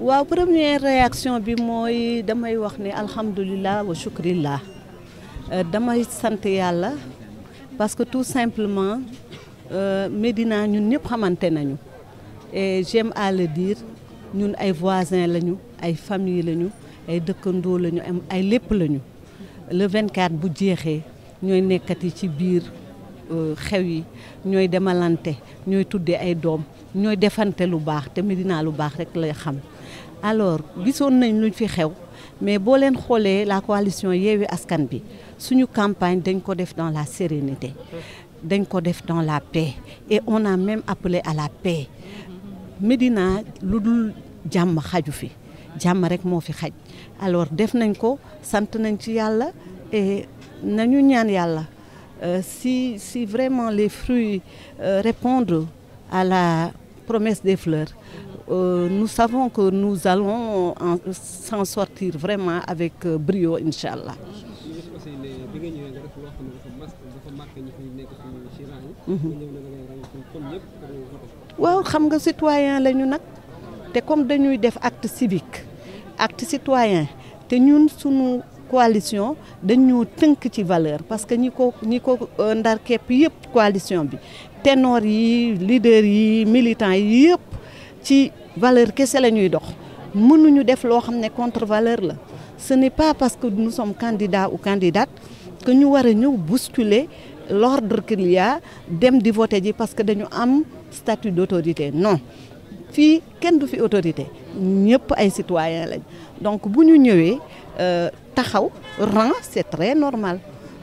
waaw première réaction bi mooy damay wax ni alhamdulilah wa shukrillah euh, damay sant yàlla parce que tout simplement euh, Médina ñun ñëpp xamante nañu et à le dire ñun ay voisins lañu ay famille lañu ay dëkkandoo lañu ay lépp lañu le 24 bu jeexee ñooy nekkati ci biir euh, xew yi ñooy demalante ñooy tuddee ay doom ñooy defante lu baax te Médina lu baax rek lay xam. alors gisoon nañ lu fi xew mais boo leen xoolee la coalition Yewwi Askan Wi suñu campagne dañ ko def dans la sérénité dañ ko def dans la paix et on a même appelé à la paix Médina lu dul jàmm xaju fi jàmm rek moo fi xaj alors def nañ ko sant nañ ci yàlla nañu ñaan yàlla euh, si si vraiment les fruits euh, répondent à la promesse des fleurs euh, nous savons que nous allons s'en sortir vraiment avec euh, brio incha allah. Mm-hmm. waaw xam nga citoyen lañu nag te comme dañuy def acte civique acte citoyen te ñun sunu coalition dañu tënk ci valeur parce que ñi ko ñi ko euh, ndar képp yëpp coalition bi ténor yi lider yi militants yi yëpp ci valeur kese la ñuy dox mënuñu def loo xam ne contre valeur la ce n'est pas parce que nous sommes candidats ou candidates que ñu war ñëw bousculer l'ordre qu'il y dem di voter ji parce que dañu am statut d'autorité non fii kenn du fi autorité ñëpp ay citoyens lañ donc bu ñu ñëwee euh, taxaw rang c'est très normal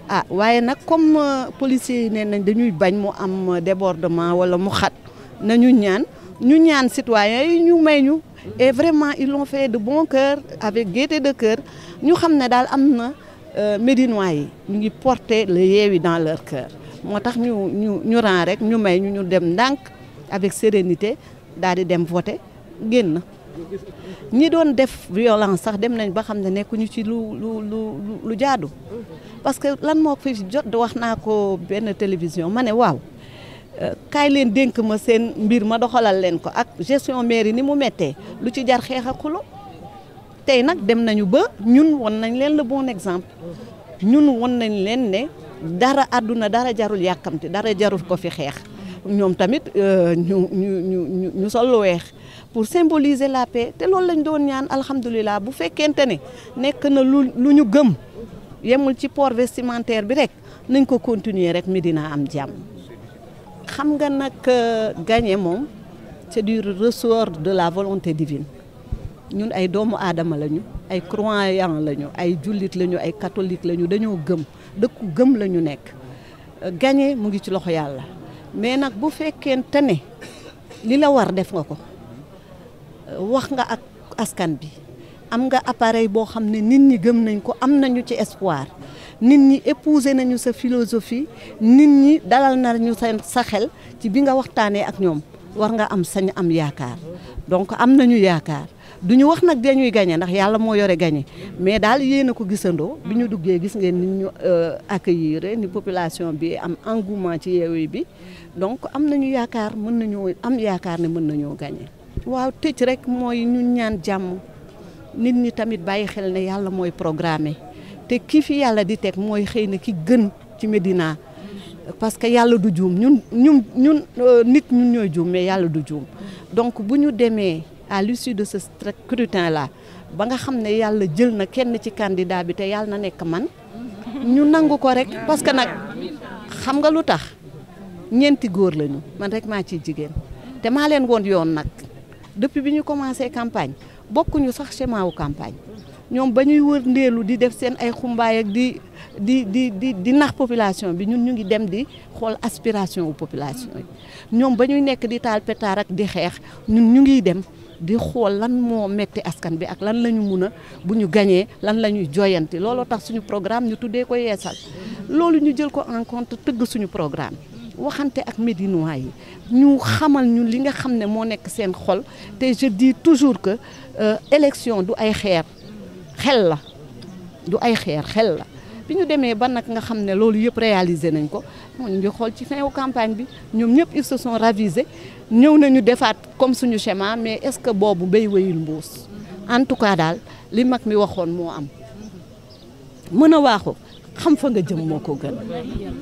ah waaye nag comme euh, policier yi nee nañ dañuy bañ mu am débordement wala mu xat nañu ñaan ñu ñaan citoyens yi ñu may ñu et vraiment ils l'ont fait de bon cœur avec gaieté de cœur ñu xam ne daal am na euh, médinois yi ñu ngi porter le yi dans leur cœur moo tax ñu ñu ñu rek ñu may ñu ñu dem ndànk avec sérénité daal di dem voter génn ñi doon def violence sax dem nañ ba xam ne nekkuñu ci lu lu lu lu jaadu parce que lan moo fi jot wax naa ko benn télévision ma ne waaw kaay leen dénk ma seen mbir ma doxalal leen ko ak gestion mairie ni mu méttee lu ci jar xeex ak xulo tey nag dem nañu ba ñun won nañ leen le bon exemple ñun won nañ leen ne dara àdduna dara jarul yàkkamti dara jarul ko fi xeex ñoom tamit euh, ñu ñu ñu ñu sol weex pour symboliser la pe te loolu lañ doon ñaan alhamdulilah bu fekkente ne nekk na lu lu ñu gëm yemul ci port vestimentaire bi rek nañ ko continuer rek mi dina am jàmm xam nga nag euh, gañe moom c'est du ressort de la volonté divine ñun ay doomu aadama lañu ay croyants lañu ay jullit lañu ay catholique lañu dañoo gëm dëkku gëm lañu nekk euh, gagné mu ngi ci loxo yàlla mais nag bu fekkente ne li la war def nga ko euh, wax nga ak askan bi am nga appareil boo xam ne nit ñi gëm nañ ko am nañu ci espoir nit ñi épouser nañu sa philosophie nit ñi dalal nañu seen sa xel ci bi nga waxtaanee ak ñoom war nga am sañ am yaakaar donc am nañu yaakaar du ñu wax nag dañuy gagné ndax yàlla moo yore gagné mais daal yéen a ko gisandoo bi ñu duggee gis ngeen nit ñu euh, accueillir ni population bi am engouement ci bi donc am nañu yaakaar mën nañoo am yaakaar ne mën nañoo gagné. waaw tëj rek mooy ñu ñaan jàmm nit ñi tamit bàyyi xel ne yàlla mooy programmé. te kii fi yàlla di teg mooy xëy na ki gën ci Médina parce que yàlla du juum ñun ñun ñun euh, nit ñun ñooy juum mais yàlla du juum donc bu ñu demee à l'issue de ce scrutin là ba nga xam ne yàlla jël na kenn ci candidat bi te yàlla na nekk man ñu nangu ko rek parce que nag xam nga lu tax ñeenti góor lañu man rek maa ci jigéen te maa leen woon yoon nag depuis bi ñu commencé campagne bokkuñu sax schéma wu campagne ñoom ba ñuy wër ndeelu di def seen ay xumbaay ak di di di di di nax population bi ñun ñu ngi dem di xool aspiration wu population yi ñoom ba ñuy nekk di taal pétard ak di xeex ñun ñu ngi dem di xool lan moo metti askan bi ak lan la ñu mun a bu ñu gañee lan la ñuy joyanti looloo tax suñu programme ñu tuddee ko yeesal loolu ñu jël ko en tëgg suñu programme waxante ak médinois yi ñu xamal ñu li nga xam ne moo nekk seen xol te je dis toujours que euh, élection du ay xeer xel la du ay xeer xel la bi ñu demee ba nag nga xam ne loolu yëpp réalisé nañ ko moo ñu ngi xool ci fin wu campagne bi ñoom ñëpp ils se sont ravisés ñëw nañu defaat comme suñu schéma mais est-ce que boobu bay wéyul mbuus en tout cas daal li mag mi waxoon moo am mën a waaxu xam fa nga jëm moo ko gën